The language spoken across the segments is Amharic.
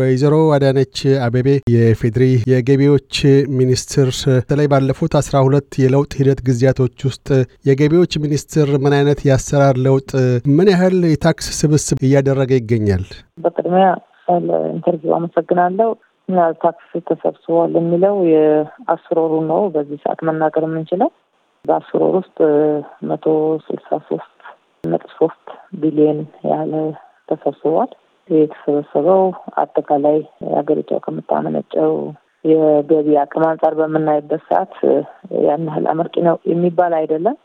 ወይዘሮ አዳነች አቤቤ የፌዴሪ የገቢዎች ሚኒስትር፣ በተለይ ባለፉት አስራ ሁለት የለውጥ ሂደት ጊዜያቶች ውስጥ የገቢዎች ሚኒስትር ምን አይነት የአሰራር ለውጥ፣ ምን ያህል የታክስ ስብስብ እያደረገ ይገኛል? በቅድሚያ ለኢንተርቪው አመሰግናለሁ። ምን ታክስ ተሰብስቧል የሚለው የአስር ወሩ ነው በዚህ ሰዓት መናገር የምንችለው። በአስር ወር ውስጥ መቶ ስልሳ ሶስት ነጥብ ሶስት ቢሊዮን ያህል ተሰብስቧል። የተሰበሰበው አጠቃላይ ሀገሪቷ ከምታመነጨው የገቢ አቅም አንጻር በምናይበት ሰዓት ያን ያህል አመርቂ ነው የሚባል አይደለም።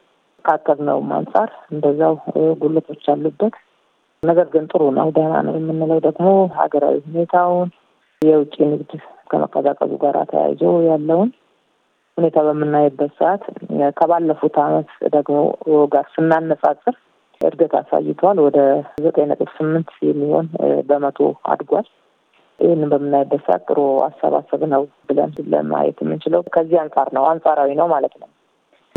ነውም አንጻር እንደዛው ጉልቶች አሉበት። ነገር ግን ጥሩ ነው፣ ደህና ነው የምንለው ደግሞ ሀገራዊ ሁኔታውን የውጭ ንግድ ከመቀዛቀዙ ጋር ተያይዞ ያለውን ሁኔታ በምናይበት ሰዓት ከባለፉት አመት ደግሞ ጋር ስናነጻጽር እድገት አሳይቷል ወደ ዘጠኝ ነጥብ ስምንት የሚሆን በመቶ አድጓል። ይህን በምናይበት ሰዓት ጥሩ አሰባሰብ ነው ብለን ለማየት የምንችለው ከዚህ አንጻር ነው፣ አንጻራዊ ነው ማለት ነው።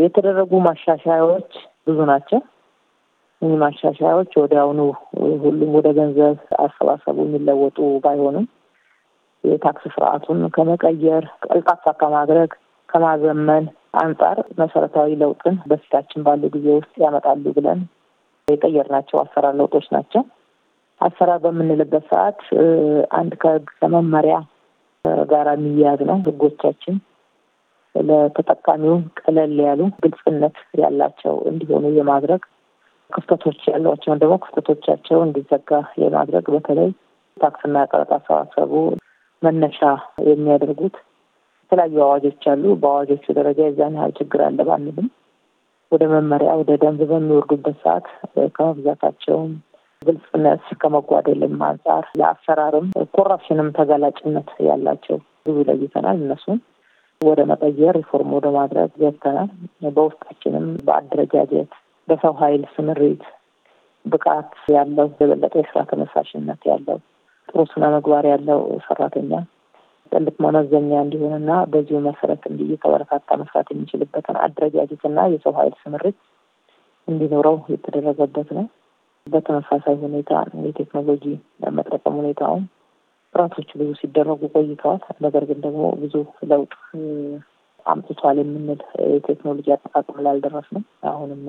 የተደረጉ ማሻሻያዎች ብዙ ናቸው። እኚህ ማሻሻያዎች ወዲያውኑ ሁሉም ወደ ገንዘብ አሰባሰቡ የሚለወጡ ባይሆኑም የታክስ ስርዓቱን ከመቀየር ቀልጣፋ ከማድረግ ከማዘመን አንጻር መሰረታዊ ለውጥን በፊታችን ባሉ ጊዜ ውስጥ ያመጣሉ ብለን የቀየርናቸው አሰራር ለውጦች ናቸው። አሰራር በምንልበት ሰዓት አንድ ከመመሪያ ጋር የሚያያዝ ነው። ህጎቻችን ለተጠቃሚው ቀለል ያሉ ግልጽነት ያላቸው እንዲሆኑ የማድረግ ክፍተቶች ያሏቸውን ደግሞ ክፍተቶቻቸው እንዲዘጋ የማድረግ በተለይ ታክስና ቀረጥ አሰባሰቡ መነሻ የሚያደርጉት የተለያዩ አዋጆች አሉ። በአዋጆቹ ደረጃ የዛን ያህል ችግር አለ ባንልም ወደ መመሪያ ወደ ደንብ በሚወርዱበት ሰዓት ከመብዛታቸውም ግልጽነት ከመጓደልም አንጻር ለአሰራርም ኮራፕሽንም ተጋላጭነት ያላቸው ብዙ ለይተናል። እነሱን ወደ መቀየር ሪፎርም ወደ ማድረግ ገብተናል። በውስጣችንም በአደረጃጀት በሰው ኃይል ስምሪት ብቃት ያለው የበለጠ የስራ ተነሳሽነት ያለው ጥሩ ስነ ምግባር ያለው ሰራተኛ ትልቅ መመዘኛ እንዲሆንና በዚሁ መሰረት እንዲ የተበረታታ መስራት የሚችልበትን አደረጃጀትና የሰው ኃይል ስምሪት እንዲኖረው የተደረገበት ነው። በተመሳሳይ ሁኔታ የቴክኖሎጂ መጠቀም ሁኔታውን ጥረቶች ብዙ ሲደረጉ ቆይተዋል። ነገር ግን ደግሞ ብዙ ለውጥ አምጥቷል የምንል የቴክኖሎጂ አጠቃቀም ላይ አልደረስንም። አሁንም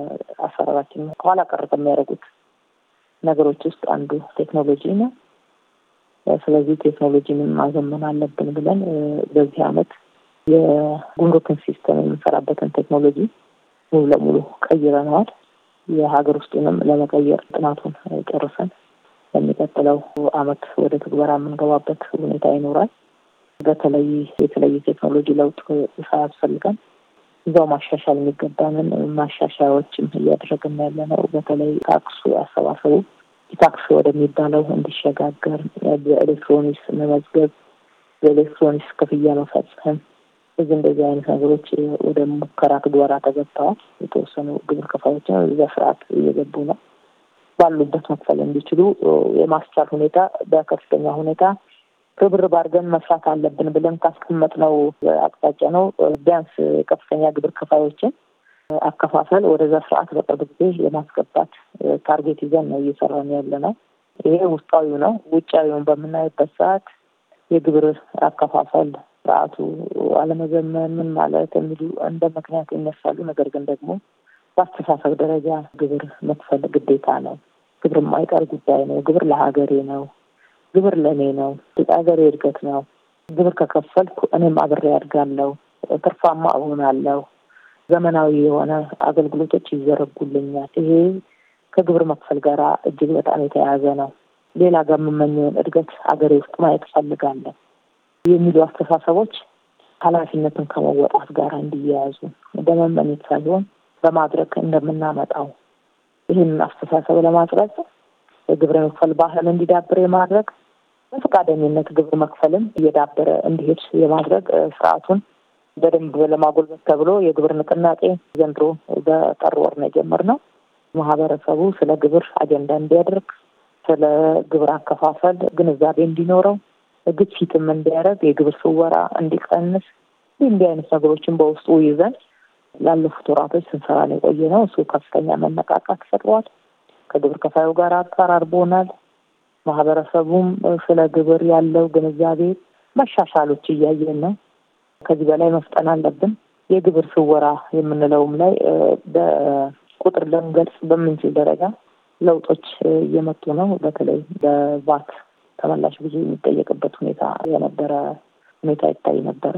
አሰራራችን ኋላ ቀር ከሚያደርጉት ነገሮች ውስጥ አንዱ ቴክኖሎጂ ነው። ስለዚህ ቴክኖሎጂንም ማዘመን አለብን ብለን በዚህ አመት የጉምሩክን ሲስተም የምንሰራበትን ቴክኖሎጂ ሙሉ ለሙሉ ቀይረነዋል። የሀገር ውስጡንም ለመቀየር ጥናቱን ጨርሰን የሚቀጥለው አመት ወደ ትግበራ የምንገባበት ሁኔታ ይኖራል። በተለይ የተለየ ቴክኖሎጂ ለውጥ ሳያስፈልገን እዛው ማሻሻል የሚገባንን ማሻሻያዎችም እያደረግን ያለ ነው። በተለይ ታክሱ አሰባሰቡ ታክስ ወደሚባለው እንዲሸጋገር በኤሌክትሮኒክስ መመዝገብ፣ በኤሌክትሮኒክስ ክፍያ መፈጸም እዚህ እንደዚህ አይነት ነገሮች ወደ ሙከራ ትግበራ ተገብተዋል። የተወሰኑ ግብር ከፋዮችን እዛ ስርዓት እየገቡ ነው። ባሉበት መክፈል እንዲችሉ የማስቻል ሁኔታ በከፍተኛ ሁኔታ ግብር አድርገን መስራት አለብን ብለን ካስቀመጥነው አቅጣጫ ነው ቢያንስ ከፍተኛ ግብር ከፋዮችን አከፋፈል ወደዛ ስርዓት በቅርብ ጊዜ የማስገባት ታርጌት ይዘን ነው እየሰራን ያለ ነው። ይሄ ውስጣዊው ነው። ውጫዊውን በምናይበት ሰዓት የግብር አከፋፈል ስርዓቱ አለመዘመን ምን ማለት የሚሉ እንደ ምክንያት ይነሳሉ። ነገር ግን ደግሞ በአስተሳሰብ ደረጃ ግብር መክፈል ግዴታ ነው። ግብር የማይቀር ጉዳይ ነው። ግብር ለሀገሬ ነው። ግብር ለእኔ ነው። ሀገሬ እድገት ነው። ግብር ከከፈልኩ እኔም አብሬ ያድጋለው፣ ትርፋማ እሆናለው ዘመናዊ የሆነ አገልግሎቶች ይዘረጉልኛል። ይሄ ከግብር መክፈል ጋር እጅግ በጣም የተያያዘ ነው። ሌላ ጋር የምመኘውን እድገት አገሬ ውስጥ ማየት እፈልጋለሁ የሚሉ አስተሳሰቦች ኃላፊነትን ከመወጣት ጋር እንዲያያዙ በመመኘት ሳይሆን በማድረግ እንደምናመጣው ይህንን አስተሳሰብ ለማጽረጽ የግብር መክፈል ባህል እንዲዳብር የማድረግ በፈቃደኝነት ግብር መክፈልም እየዳበረ እንዲሄድ የማድረግ ስርዓቱን በደንብ ለማጎልበት ተብሎ የግብር ንቅናቄ ዘንድሮ በጠር ወር ነው የጀመርነው። ማህበረሰቡ ስለ ግብር አጀንዳ እንዲያደርግ፣ ስለ ግብር አከፋፈል ግንዛቤ እንዲኖረው፣ ግፊትም እንዲያደርግ፣ የግብር ስወራ እንዲቀንስ፣ እንዲህ አይነት ነገሮችን በውስጡ ይዘን ላለፉት ወራቶች ስንሰራ ነው የቆየ ነው። እሱ ከፍተኛ መነቃቃት ፈጥሯል። ከግብር ከፋዩ ጋር አቀራርቦናል። ማህበረሰቡም ስለ ግብር ያለው ግንዛቤ መሻሻሎች እያየን ነው። ከዚህ በላይ መፍጠን አለብን። የግብር ስወራ የምንለውም ላይ በቁጥር ልንገልጽ በምንችል ደረጃ ለውጦች እየመጡ ነው። በተለይ በቫት ተመላሽ ብዙ የሚጠየቅበት ሁኔታ የነበረ ሁኔታ ይታይ ነበረ።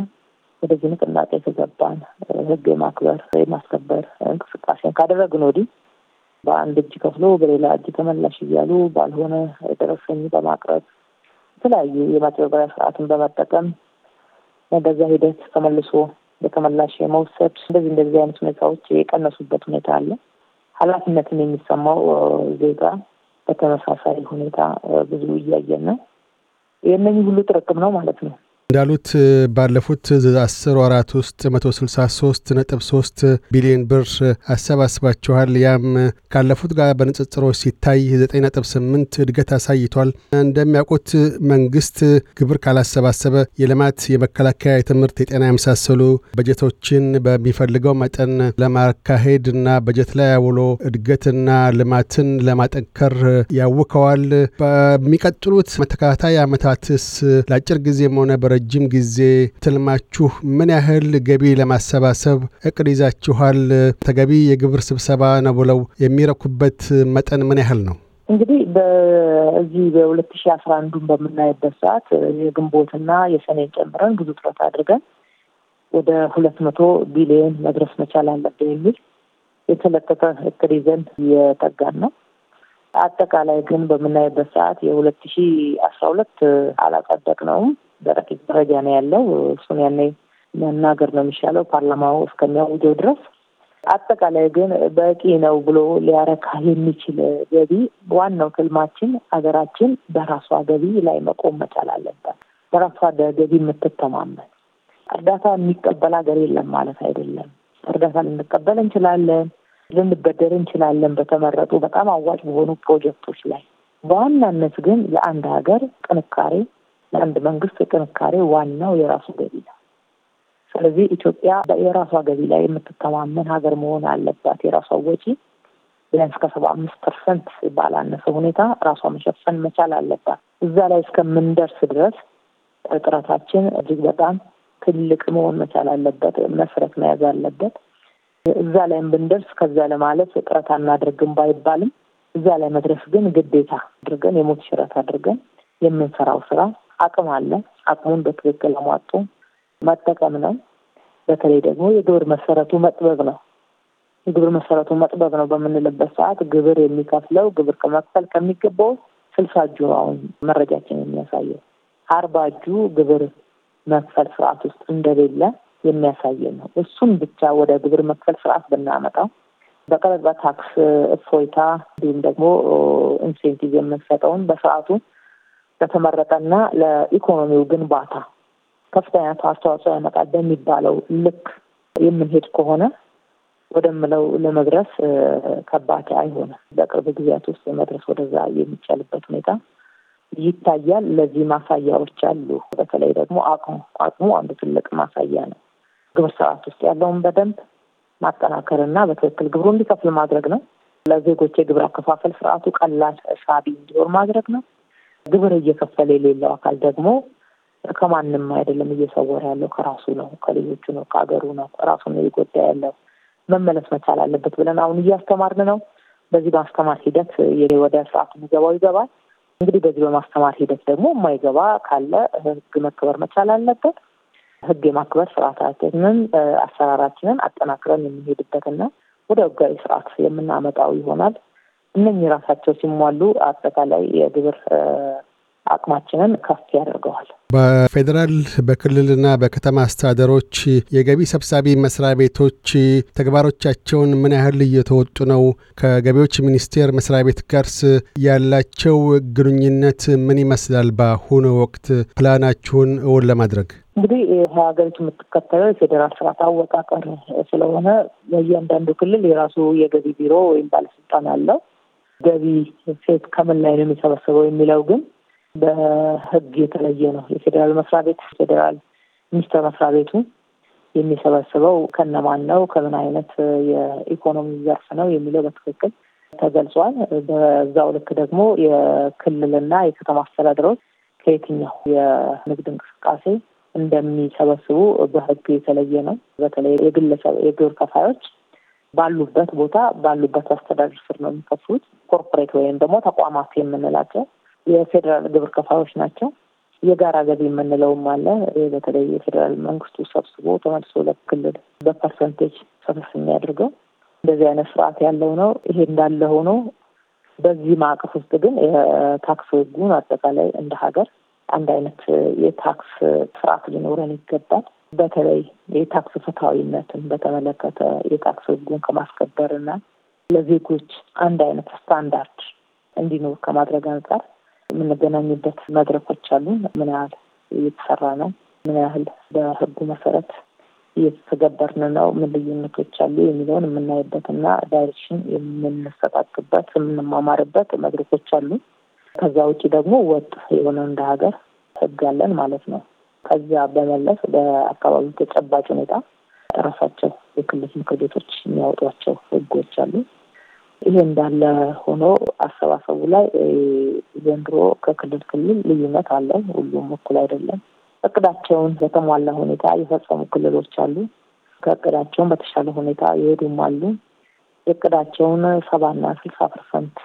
ወደዚህ ንቅናቄ የተገባን ህግ የማክበር የማስከበር እንቅስቃሴን ካደረግን ወዲህ በአንድ እጅ ከፍሎ በሌላ እጅ ተመላሽ እያሉ ባልሆነ ደረሰኝ በማቅረብ የተለያዩ የማጭበርበሪያ ስርዓትን በመጠቀም በዛ ሂደት ተመልሶ በተመላሽ የመውሰድ እንደዚህ እንደዚህ አይነት ሁኔታዎች የቀነሱበት ሁኔታ አለ። ኃላፊነትን የሚሰማው ዜጋ በተመሳሳይ ሁኔታ ብዙ እያየን ነው። የእነኚህ ሁሉ ጥርቅም ነው ማለት ነው። እንዳሉት ባለፉት አስር ወራት ውስጥ 163 ነጥብ 3 ቢሊዮን ብር አሰባስባችኋል። ያም ካለፉት ጋር በንጽጽሮች ሲታይ 98 ነጥብ እድገት አሳይቷል። እንደሚያውቁት መንግስት ግብር ካላሰባሰበ የልማት፣ የመከላከያ፣ የትምህርት፣ የጤና የመሳሰሉ በጀቶችን በሚፈልገው መጠን ለማካሄድ እና በጀት ላይ አውሎ እድገትና ልማትን ለማጠንከር ያውከዋል። በሚቀጥሉት መተከታታይ አመታትስ ለአጭር ጊዜም ሆነ ረጅም ጊዜ ትልማችሁ ምን ያህል ገቢ ለማሰባሰብ እቅድ ይዛችኋል? ተገቢ የግብር ስብሰባ ነው ብለው የሚረኩበት መጠን ምን ያህል ነው? እንግዲህ በዚህ በሁለት ሺ አስራ አንዱን በምናይበት ሰዓት የግንቦትና የሰኔን ጨምረን ብዙ ጥረት አድርገን ወደ ሁለት መቶ ቢሊዮን መድረስ መቻል አለብን የሚል የተለጠጠ እቅድ ይዘን እየጠጋን ነው። አጠቃላይ ግን በምናይበት ሰዓት የሁለት ሺ አስራ ሁለት አላጸደቅ ነውም በረቂቅ ደረጃ ነው ያለው። እሱን ያኔ መናገር ነው የሚሻለው ፓርላማው እስከሚያውጀው ድረስ። አጠቃላይ ግን በቂ ነው ብሎ ሊያረካ የሚችል ገቢ፣ ዋናው ትልማችን ሀገራችን በራሷ ገቢ ላይ መቆም መቻል አለበት። በራሷ ገቢ የምትተማመን እርዳታ የሚቀበል ሀገር የለም ማለት አይደለም። እርዳታ ልንቀበል እንችላለን፣ ልንበደር እንችላለን በተመረጡ በጣም አዋጭ በሆኑ ፕሮጀክቶች ላይ። በዋናነት ግን ለአንድ ሀገር ጥንካሬ ለአንድ መንግስት ጥንካሬ ዋናው የራሱ ገቢ ነው። ስለዚህ ኢትዮጵያ የራሷ ገቢ ላይ የምትተማመን ሀገር መሆን አለባት። የራሷ ወጪ ቢያንስ ከሰባ አምስት ፐርሰንት ባላነሰ ሁኔታ ራሷ መሸፈን መቻል አለባት። እዛ ላይ እስከምንደርስ ድረስ ጥረታችን እጅግ በጣም ትልቅ መሆን መቻል አለበት፣ መሰረት መያዝ አለበት። እዛ ላይም ብንደርስ ከዛ ለማለት ጥረት አናደርግም ባይባልም እዛ ላይ መድረስ ግን ግዴታ አድርገን የሞት ሽረት አድርገን የምንሰራው ስራ አቅም አለ። አቅሙን በትክክል ለሟጡ መጠቀም ነው። በተለይ ደግሞ የግብር መሰረቱ መጥበብ ነው። የግብር መሰረቱ መጥበብ ነው በምንልበት ሰዓት ግብር የሚከፍለው ግብር ከመክፈል ከሚገባው ስልሳ እጁ ነው አሁን መረጃችን የሚያሳየው አርባ እጁ ግብር መክፈል ስርዓት ውስጥ እንደሌለ የሚያሳየ ነው። እሱን ብቻ ወደ ግብር መክፈል ስርዓት ብናመጣው በቀረጥ በታክስ እፎይታ እንዲሁም ደግሞ ኢንሴንቲቭ የምንሰጠውን በስርዓቱ ለተመረጠና ለኢኮኖሚው ግንባታ ከፍተኛ አስተዋጽኦ ያመጣል በሚባለው ልክ የምንሄድ ከሆነ ወደምለው ለመድረስ ከባድ አይሆንም። በቅርብ ጊዜያት ውስጥ መድረስ ወደዛ የሚቻልበት ሁኔታ ይታያል። ለዚህ ማሳያዎች አሉ። በተለይ ደግሞ አቅሙ አቅሙ አንዱ ትልቅ ማሳያ ነው። ግብር ስርዓት ውስጥ ያለውን በደንብ ማጠናከርና በትክክል ግብሩ እንዲከፍል ማድረግ ነው። ለዜጎች የግብር አከፋፈል ስርዓቱ ቀላል ሳቢ እንዲሆን ማድረግ ነው። ግብር እየከፈለ የሌለው አካል ደግሞ ከማንም አይደለም እየሰወረ ያለው ከራሱ ነው፣ ከልጆቹ ነው፣ ከሀገሩ ነው። ነው እየጎዳ ያለው መመለስ መቻል አለበት ብለን አሁን እያስተማርን ነው። በዚህ በማስተማር ሂደት ወደ ስርዓቱ ሚገባው ይገባል። እንግዲህ በዚህ በማስተማር ሂደት ደግሞ የማይገባ ካለ ህግ መክበር መቻል አለበት። ህግ የማክበር ስርዓታችንን አሰራራችንን አጠናክረን የምንሄድበትና ወደ ህጋዊ ስርዓት የምናመጣው ይሆናል። እነኚህ ራሳቸው ሲሟሉ አጠቃላይ የግብር አቅማችንን ከፍ ያደርገዋል። በፌዴራል በክልልና በከተማ አስተዳደሮች የገቢ ሰብሳቢ መስሪያ ቤቶች ተግባሮቻቸውን ምን ያህል እየተወጡ ነው? ከገቢዎች ሚኒስቴር መስሪያ ቤት ጋርስ ያላቸው ግንኙነት ምን ይመስላል? በአሁኑ ወቅት ፕላናችሁን እውን ለማድረግ እንግዲህ ሀገሪቱ የምትከተለው የፌዴራል ስርዓት አወቃቀር ስለሆነ በእያንዳንዱ ክልል የራሱ የገቢ ቢሮ ወይም ባለስልጣን አለው። ገቢ ሴት ከምን ላይ ነው የሚሰበሰበው የሚለው ግን በህግ የተለየ ነው። የፌዴራል መስሪያ ቤት ፌዴራል ሚኒስቴር መስሪያ ቤቱ የሚሰበስበው ከነማን ነው፣ ከምን አይነት የኢኮኖሚ ዘርፍ ነው የሚለው በትክክል ተገልጿል። በዛው ልክ ደግሞ የክልልና የከተማ አስተዳደሮች ከየትኛው የንግድ እንቅስቃሴ እንደሚሰበስቡ በህግ የተለየ ነው። በተለይ የግለሰብ የግብር ከፋዮች ባሉበት ቦታ ባሉበት አስተዳደር ስር ነው የሚከፍሉት። ኮርፖሬት ወይም ደግሞ ተቋማት የምንላቸው የፌዴራል ግብር ከፋዮች ናቸው። የጋራ ገቢ የምንለውም አለ። በተለይ የፌዴራል መንግስቱ ሰብስቦ ተመልሶ ለክልል በፐርሰንቴጅ ሰፈስ የሚያደርገው እንደዚህ አይነት ስርዓት ያለው ነው። ይሄ እንዳለ ሆኖ በዚህ ማዕቀፍ ውስጥ ግን የታክስ ህጉን አጠቃላይ እንደ ሀገር አንድ አይነት የታክስ ስርዓት ሊኖረን ይገባል። በተለይ የታክስ ፍትሐዊነትን በተመለከተ የታክስ ከማስከበር ከማስከበርና ለዜጎች አንድ አይነት ስታንዳርድ እንዲኖር ከማድረግ አንጻር የምንገናኝበት መድረኮች አሉ። ምን ያህል እየተሰራ ነው? ምን ያህል በህጉ መሰረት እየተገበርን ነው? ምን ልዩነቶች አሉ? የሚለውን የምናይበትና ዳይሬክሽን የምንሰጣጥበት የምንማማርበት መድረኮች አሉ። ከዛ ውጭ ደግሞ ወጥ የሆነ እንደ ሀገር ህግ አለን ማለት ነው። ከዚያ በመለስ በአካባቢው ተጨባጭ ሁኔታ ራሳቸው የክልል ምክር ቤቶች የሚያወጧቸው ህጎች አሉ። ይሄ እንዳለ ሆኖ አሰባሰቡ ላይ ዘንድሮ ከክልል ክልል ልዩነት አለው። ሁሉም እኩል አይደለም። እቅዳቸውን በተሟላ ሁኔታ የፈጸሙ ክልሎች አሉ። ከእቅዳቸውን በተሻለ ሁኔታ የሄዱም አሉ። የእቅዳቸውን ሰባና ስልሳ ፐርሰንት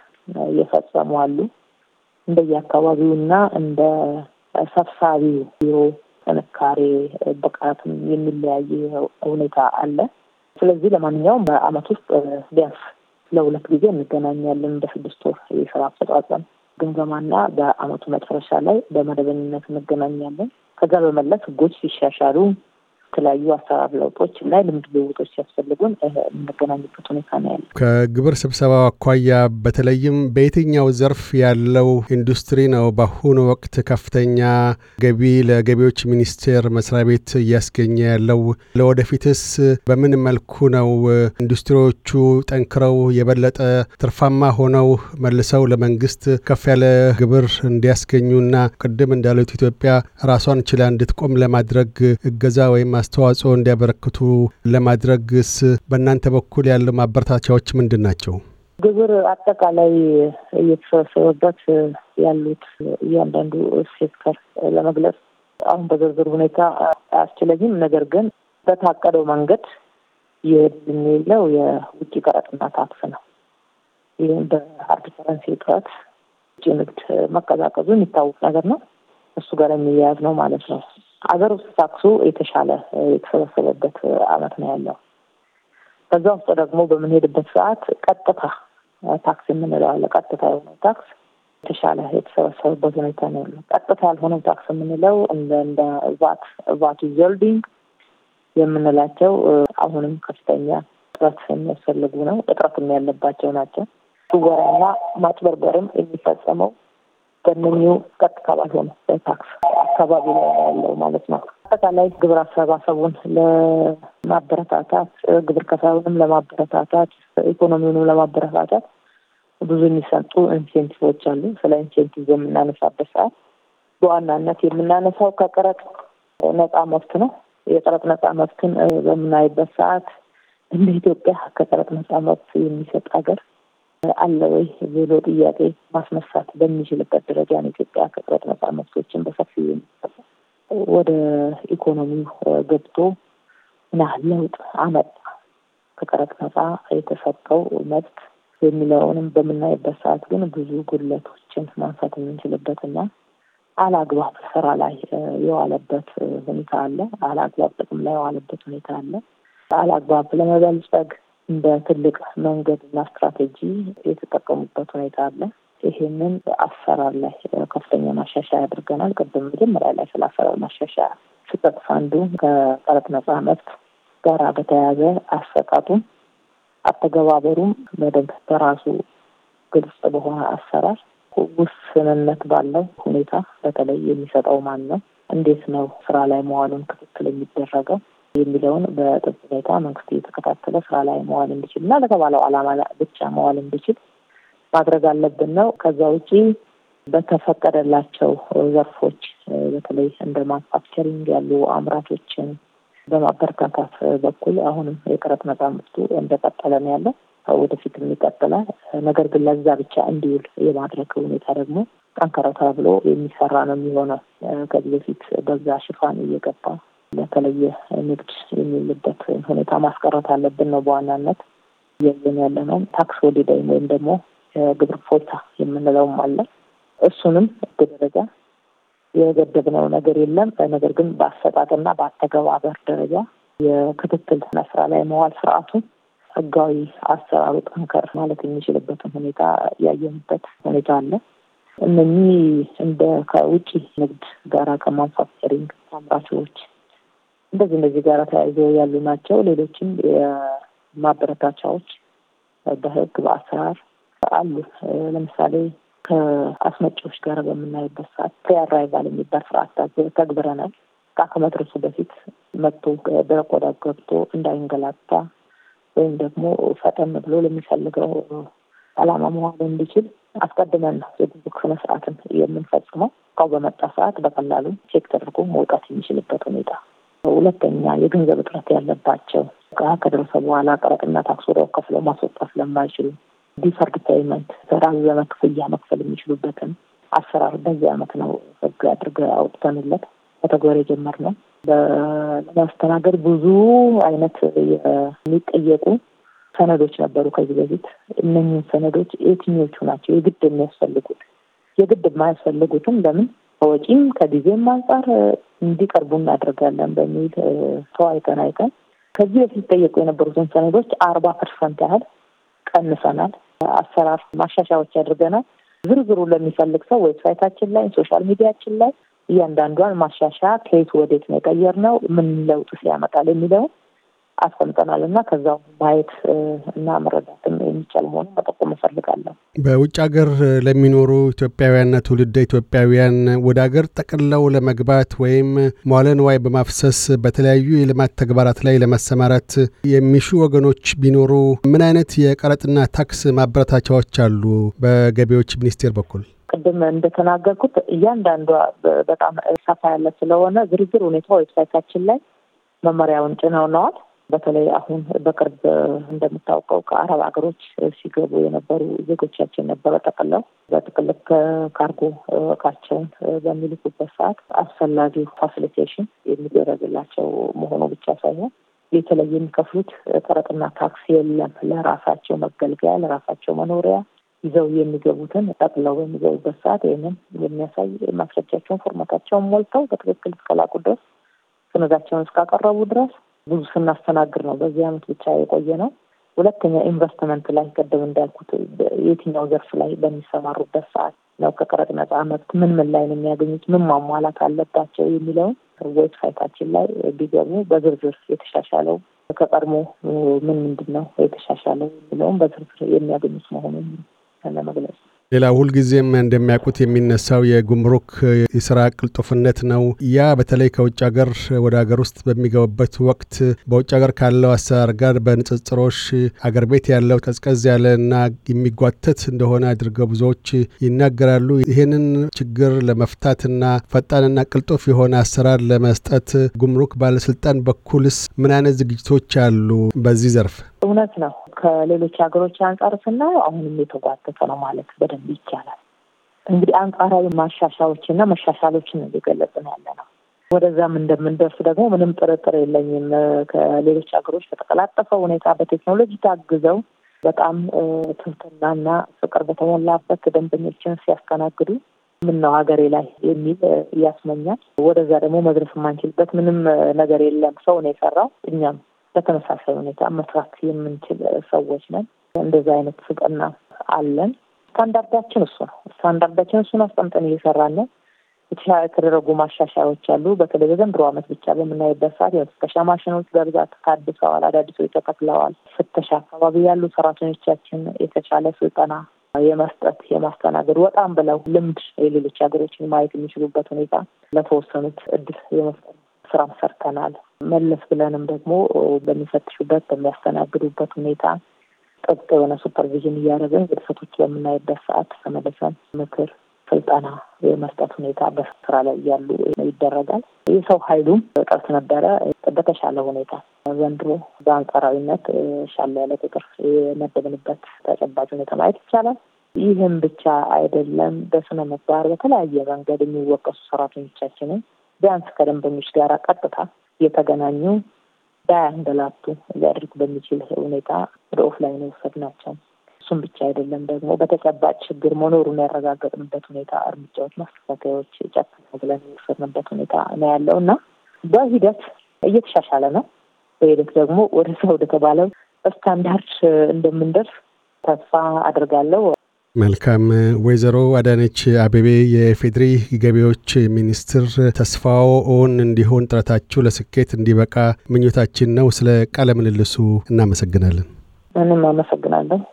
የፈጸሙ አሉ። እንደየአካባቢውና እንደ ሰብሳቢው ቢሮ ጥንካሬ፣ ብቃትም የሚለያየ ሁኔታ አለ። ስለዚህ ለማንኛውም በአመት ውስጥ ቢያንስ ለሁለት ጊዜ እንገናኛለን። በስድስት ወር የስራ አፈጻጸም ግምገማና በአመቱ መጨረሻ ላይ በመደበኝነት እንገናኛለን። ከዛ በመለስ ህጎች ሲሻሻሉ የተለያዩ አሰራር ለውጦች እና ልምድ ልውጦች ሲያስፈልጉን የምንገናኝበት ሁኔታ ነው ያለ። ከግብር ስብሰባው አኳያ በተለይም በየትኛው ዘርፍ ያለው ኢንዱስትሪ ነው በአሁኑ ወቅት ከፍተኛ ገቢ ለገቢዎች ሚኒስቴር መስሪያ ቤት እያስገኘ ያለው? ለወደፊትስ በምን መልኩ ነው ኢንዱስትሪዎቹ ጠንክረው የበለጠ ትርፋማ ሆነው መልሰው ለመንግስት ከፍ ያለ ግብር እንዲያስገኙና ቅድም እንዳሉት ኢትዮጵያ ራሷን ችላ እንድትቆም ለማድረግ እገዛ ወይም አስተዋጽኦ እንዲያበረክቱ ለማድረግስ በእናንተ በኩል ያለው ማበረታቻዎች ምንድን ናቸው? ግብር አጠቃላይ እየተሰበሰበበት ያሉት እያንዳንዱ ሴክተር ለመግለጽ አሁን በዝርዝር ሁኔታ አያስችለኝም። ነገር ግን በታቀደው መንገድ ይሄድን የለው የውጭ ቀረጥና ታክስ ነው። ይህም በሀርድ ከረንሲ እጥረት ውጭ ንግድ መቀዛቀዙ የሚታወቅ ነገር ነው። እሱ ጋር የሚያያዝ ነው ማለት ነው። ሀገር ውስጥ ታክሱ የተሻለ የተሰበሰበበት አመት ነው ያለው። ከዛ ውስጥ ደግሞ በምንሄድበት ሰዓት ቀጥታ ታክስ የምንለው አለ። ቀጥታ የሆነው ታክስ የተሻለ የተሰበሰበበት ሁኔታ ነው ያለው። ቀጥታ ያልሆነው ታክስ የምንለው እንደ ቫት ቫት ዘልዲንግ የምንላቸው አሁንም ከፍተኛ ጥረት የሚያስፈልጉ ነው። እጥረትም ያለባቸው ናቸው። ትወራና ማጭበርበርም የሚፈጸመው በእነኚሁ ቀጥታ ባልሆነ ታክስ አካባቢ ነው ያለው ማለት ነው። አጠቃላይ ግብር አሰባሰቡን ለማበረታታት ግብር ከሳቡንም ለማበረታታት ኢኮኖሚውንም ለማበረታታት ብዙ የሚሰጡ ኢንሴንቲቮች አሉ። ስለ ኢንሴንቲቭ የምናነሳበት ሰዓት በዋናነት የምናነሳው ከቀረጥ ነጻ መብት ነው። የቀረጥ ነጻ መብትን በምናይበት ሰዓት እንደ ኢትዮጵያ ከቀረጥ ነጻ መብት የሚሰጥ ሀገር አለ ወይ ብሎ ጥያቄ ማስነሳት በሚችልበት ደረጃ ነው ኢትዮጵያ ከጥረት ነጻ መብቶችን በሰፊ ወደ ኢኮኖሚው ገብቶ ምን ያህል ለውጥ አመጣ ከቀረጥ ነጻ የተሰጠው መብት የሚለውንም በምናይበት ሰዓት ግን ብዙ ጉድለቶችን ማንሳት የምንችልበት እና አላግባብ ስራ ላይ የዋለበት ሁኔታ አለ። አላግባብ ጥቅም ላይ የዋለበት ሁኔታ አለ። አላግባብ ለመበልጸግ እንደ ትልቅ መንገድና ስትራቴጂ የተጠቀሙበት ሁኔታ አለ። ይህንን አሰራር ላይ ከፍተኛ ማሻሻያ አድርገናል። ቅድም መጀመሪያ ላይ ስለ አሰራር ማሻሻያ ስጠቅስ አንዱ ከቀረጥ ነጻ መብት ጋር በተያያዘ አሰጣጡም አተገባበሩም በደንብ በራሱ ግልጽ በሆነ አሰራር ውስንነት ባለው ሁኔታ በተለይ የሚሰጠው ማን ነው፣ እንዴት ነው ስራ ላይ መዋሉን ክትትል የሚደረገው የሚለውን በጥብቅ ሁኔታ መንግስት እየተከታተለ ስራ ላይ መዋል እንዲችል እና ለተባለው አላማ ብቻ መዋል እንዲችል ማድረግ አለብን ነው። ከዛ ውጪ በተፈቀደላቸው ዘርፎች በተለይ እንደ ማንፋክቸሪንግ ያሉ አምራቾችን በማበረታታት በኩል አሁንም የቀረጥ ነጻ ምርቱ እንደቀጠለ ነው ያለው፣ ወደፊት የሚቀጥላል። ነገር ግን ለዛ ብቻ እንዲውል የማድረግ ሁኔታ ደግሞ ጠንከረ ተብሎ የሚሰራ ነው የሚሆነው። ከዚህ በፊት በዛ ሽፋን እየገባ በተለየ ንግድ የሚውልበት ሁኔታ ማስቀረት አለብን ነው በዋናነት እያየን ያለ ነው። ታክስ ሆሊዴይ ወይም ደግሞ ግብር ፎይታ የምንለውም አለ። እሱንም በደረጃ የገደብነው ነገር የለም። ነገር ግን በአሰጣጥና በአተገባበር ደረጃ የክትትል ስራ ላይ መዋል ስርዓቱ ህጋዊ አሰራሩ ጠንከር ማለት የሚችልበትን ሁኔታ ያየንበት ሁኔታ አለ። እነኚህ እንደ ከውጭ ንግድ ጋራ ከማንፋክቸሪንግ አምራቾች እንደዚህ እንደዚህ ጋር ተያይዞ ያሉ ናቸው። ሌሎችም የማበረታቻዎች በህግ በአሰራር አሉ። ለምሳሌ ከአስመጪዎች ጋር በምናይበት ሰዓት ፕሪአራይቫል የሚባል ስርዓት ተግብረናል። እቃ ከመድረሱ በፊት መጥቶ ደረቅ ቆዳ ገብቶ እንዳይንገላታ ወይም ደግሞ ፈጠን ብሎ ለሚፈልገው አላማ መዋል እንዲችል አስቀድመን ነው የጉምሩክ ስነ ስርዓትን የምንፈጽመው። እቃው በመጣ ሰዓት በቀላሉ ቼክ ተደርጎ መውጣት የሚችልበት ሁኔታ ሁለተኛ የገንዘብ እጥረት ያለባቸው እቃ ከደረሰ በኋላ ቀረጥና ታክስ ወዲያው ከፍለው ማስወጣት ስለማይችሉ ዲፈርድ ፔይመንት ተራዘመ ክፍያ መክፈል የሚችሉበትን አሰራር በዚህ አመት ነው ህግ አድርገ አውጥተንለት መተግበር የጀመርነው። በማስተናገድ ብዙ አይነት የሚጠየቁ ሰነዶች ነበሩ ከዚህ በፊት። እነኝህን ሰነዶች የትኞቹ ናቸው የግድ የሚያስፈልጉት የግድ የማያስፈልጉትም ለምን ከወጪም ከጊዜም አንጻር እንዲቀርቡ እናደርጋለን በሚል ሰው አይተን ከዚህ በፊት ጠየቁ የነበሩትን ሰነዶች አርባ ፐርሰንት ያህል ቀንሰናል። አሰራር ማሻሻያዎች ያድርገናል። ዝርዝሩ ለሚፈልግ ሰው ዌብሳይታችን ላይ፣ ሶሻል ሚዲያችን ላይ እያንዳንዷን ማሻሻያ ከየት ወዴት ነው ነው ምን ለውጥ ሲያመጣል የሚለውን አስቀምጠናል እና ከዛው ማየት እና መረዳትም የሚቻል መሆኑ መጠቆም እፈልጋለሁ። በውጭ ሀገር ለሚኖሩ ኢትዮጵያውያንና ትውልደ ኢትዮጵያውያን ወደ ሀገር ጠቅለው ለመግባት ወይም ሟለ ንዋይ በማፍሰስ በተለያዩ የልማት ተግባራት ላይ ለመሰማራት የሚሹ ወገኖች ቢኖሩ ምን አይነት የቀረጥና ታክስ ማበረታቻዎች አሉ በገቢዎች ሚኒስቴር በኩል? ቅድም እንደተናገርኩት እያንዳንዷ በጣም ሰፋ ያለ ስለሆነ ዝርዝር ሁኔታ ዌብሳይታችን ላይ መመሪያውን ነዋል። በተለይ አሁን በቅርብ እንደምታውቀው ከአረብ ሀገሮች ሲገቡ የነበሩ ዜጎቻችን ነበረ ጠቅለው በጥቅል ከካርጎ እቃቸውን በሚልኩበት ሰዓት አስፈላጊው ፋሲሊቴሽን የሚደረግላቸው መሆኑ ብቻ ሳይሆን የተለየ የሚከፍሉት ቀረጥና ታክስ የለም። ለራሳቸው መገልገያ፣ ለራሳቸው መኖሪያ ይዘው የሚገቡትን ጠቅለው በሚገቡበት ሰዓት ይህንን የሚያሳይ ማስረጃቸውን ፎርማታቸውን ሞልተው በትክክል እስከላቁ ድረስ ሰነዳቸውን እስካቀረቡ ድረስ ብዙ ስናስተናግድ ነው በዚህ አመት ብቻ የቆየ ነው። ሁለተኛ ኢንቨስትመንት ላይ ቀደም እንዳልኩት የትኛው ዘርፍ ላይ በሚሰማሩበት ሰዓት ነው ከቀረጥ ነጻ መብት ምን ምን ላይ ነው የሚያገኙት፣ ምን ማሟላት አለባቸው የሚለውን ዌብሳይታችን ላይ ቢገቡ በዝርዝር የተሻሻለው ከቀድሞ ምን ምንድን ነው የተሻሻለው የሚለውን በዝርዝር የሚያገኙት መሆኑን ለመግለጽ ሌላ ሁልጊዜም እንደሚያውቁት የሚነሳው የጉምሩክ የስራ ቅልጡፍነት ነው። ያ በተለይ ከውጭ ሀገር ወደ ሀገር ውስጥ በሚገቡበት ወቅት በውጭ ሀገር ካለው አሰራር ጋር በንጽጽሮች አገር ቤት ያለው ቀዝቀዝ ያለ እና የሚጓተት እንደሆነ አድርገው ብዙዎች ይናገራሉ። ይህንን ችግር ለመፍታትና ፈጣንና ቅልጡፍ የሆነ አሰራር ለመስጠት ጉምሩክ ባለስልጣን በኩልስ ምን አይነት ዝግጅቶች አሉ በዚህ ዘርፍ? እውነት ነው። ከሌሎች ሀገሮች አንጻር ስናየው አሁንም የተጓተተ ነው ማለት በደንብ ይቻላል። እንግዲህ አንጻራዊ ማሻሻዎችና መሻሻሎችን እየገለጽን ያለ ነው። ወደዛም እንደምንደርስ ደግሞ ምንም ጥርጥር የለኝም። ከሌሎች ሀገሮች በተቀላጠፈ ሁኔታ በቴክኖሎጂ ታግዘው በጣም ትህትናና ፍቅር በተሞላበት ደንበኞችን ሲያስተናግዱ ነው ሀገሬ ላይ የሚል ያስመኛል። ወደዛ ደግሞ መድረስ የማንችልበት ምንም ነገር የለም። ሰው ነው የሰራው እኛም በተመሳሳይ ሁኔታ መስራት የምንችል ሰዎች ነን። እንደዚህ አይነት ስብዕና አለን። ስታንዳርዳችን እሱ ነው። ስታንዳርዳችን እሱን አስቀምጠን እየሰራን ነው። የተደረጉ ማሻሻያዎች አሉ። በተለይ በዘንድሮ ዓመት ብቻ በምናይበት ሰዓት የመፈተሻ ማሽኖች በብዛት ታድሰዋል፣ አዳዲሶች ተተክለዋል። ፍተሻ አካባቢ ያሉ ሰራተኞቻችን የተሻለ ስልጠና የመስጠት የማስተናገድ ወጣም ብለው ልምድ የሌሎች ሀገሮችን ማየት የሚችሉበት ሁኔታ ለተወሰኑት እድል የመስጠት ስራም ሰርተናል። መለስ ብለንም ደግሞ በሚፈትሹበት በሚያስተናግዱበት ሁኔታ ጥብቅ የሆነ ሱፐርቪዥን እያደረግን ግድፈቶች በምናይበት ሰዓት ተመልሰን ምክር፣ ስልጠና የመስጠት ሁኔታ በስራ ላይ እያሉ ይደረጋል። የሰው ኃይሉም እጥረት ነበረ። በተሻለ ሁኔታ ዘንድሮ በአንጻራዊነት ሻለ ያለ ቁጥር የመደብንበት ተጨባጭ ሁኔታ ማየት ይቻላል። ይህም ብቻ አይደለም። በስነ ምግባር በተለያየ መንገድ የሚወቀሱ ሰራተኞቻችንን ቢያንስ ከደንበኞች ጋር ቀጥታ የተገናኙ እንደላቱ ሊያደርግ በሚችል ሁኔታ ወደ ኦፍላይን የወሰድ ናቸው። እሱም ብቻ አይደለም ደግሞ በተጨባጭ ችግር መኖሩን ያረጋገጥንበት ሁኔታ እርምጃዎች፣ ማስተካከያዎች ጨክነው ብለን የወሰድንበት ሁኔታ ነው ያለው እና በሂደት እየተሻሻለ ነው። በሂደት ደግሞ ወደ ሰው ወደተባለው ስታንዳርድ እንደምንደርስ ተስፋ አድርጋለሁ። መልካም ወይዘሮ አዳነች አቤቤ የፌዴሪ ገቢዎች ሚኒስትር ተስፋው እውን እንዲሆን ጥረታችሁ ለስኬት እንዲበቃ ምኞታችን ነው። ስለ ቃለ ምልልሱ እናመሰግናለን። ምንም አመሰግናለን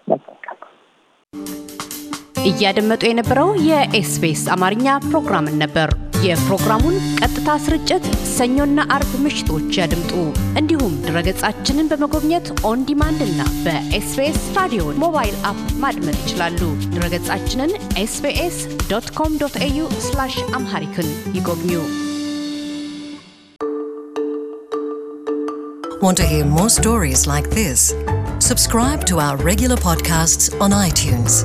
እያደመጡ የነበረው የኤስፔስ አማርኛ ፕሮግራምን ነበር። የፕሮግራሙን ቀጥታ ስርጭት ሰኞና አርብ ምሽቶች ያድምጡ። እንዲሁም ድረገጻችንን በመጎብኘት ኦን ዲማንድ እና በኤስቤስ ራዲዮን ሞባይል አፕ ማድመጥ ይችላሉ። ድረገጻችንን ኤስቤስ ዶት ኮም ዶት ኤዩ አምሃሪክን ይጎብኙ። Want to hear more stories like this? Subscribe to our regular podcasts on iTunes.